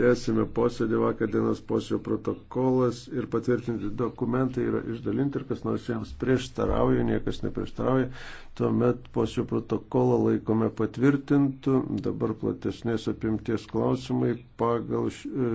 Tęsime posėdį vakar dienos posėdžio protokolas ir patvirtinti dokumentai yra išdalinti ir kas nors jiems prieštarauja, niekas neprieštarauja. Tuomet posėdžio protokolą laikome patvirtintų. Dabar platesnės apimties klausimai pagal.